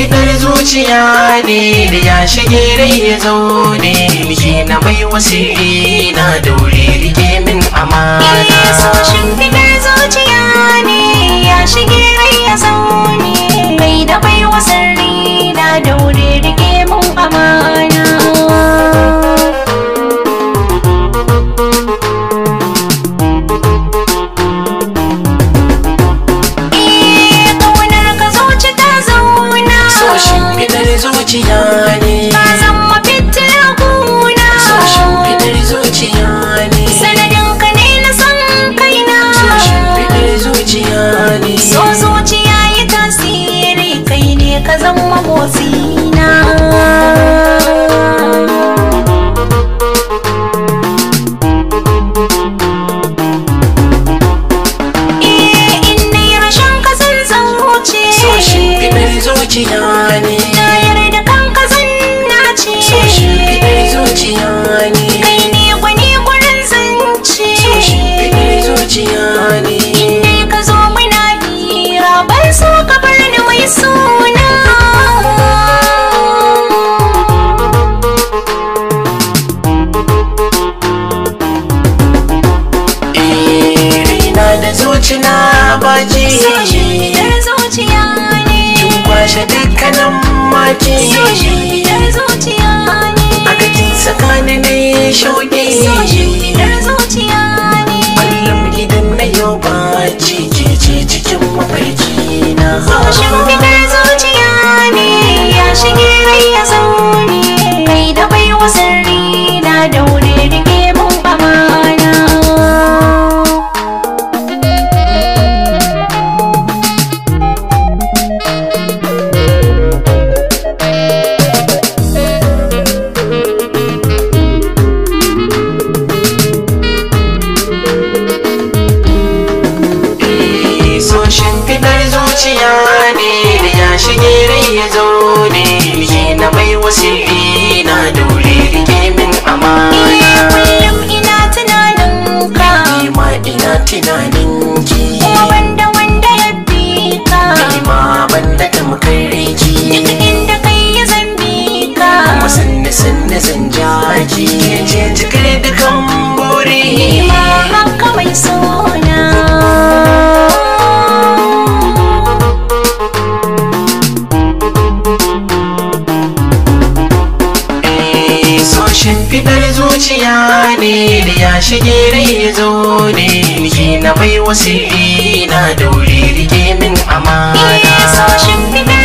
fitar zuciya ne da ya shige rai ya zo ne miki na mai wasiri na wuri rike min amana Iya zuciya ne ya shige rai ya zo maki soshiyar zuciya ne kin kwashe dukkanin maki soshiyar zuciya ne aka kin sakani ne shauki soshiyar zuciya ne kullum gidan na yau ba ciki cikin mafarki na soshiyar ne ya zaune shi na mai wasifi na dole rike min amana kullum ina tunanin ka ma ina tunanin ki kuma wanda wanda ya fi ka ma banda tamkar ki inda kai ya zambi ka kuma sanne sanne zan jaki ke je shimfidar zuciya ne da ya shige rai zo ne ni na bai wasu na daure rike min amana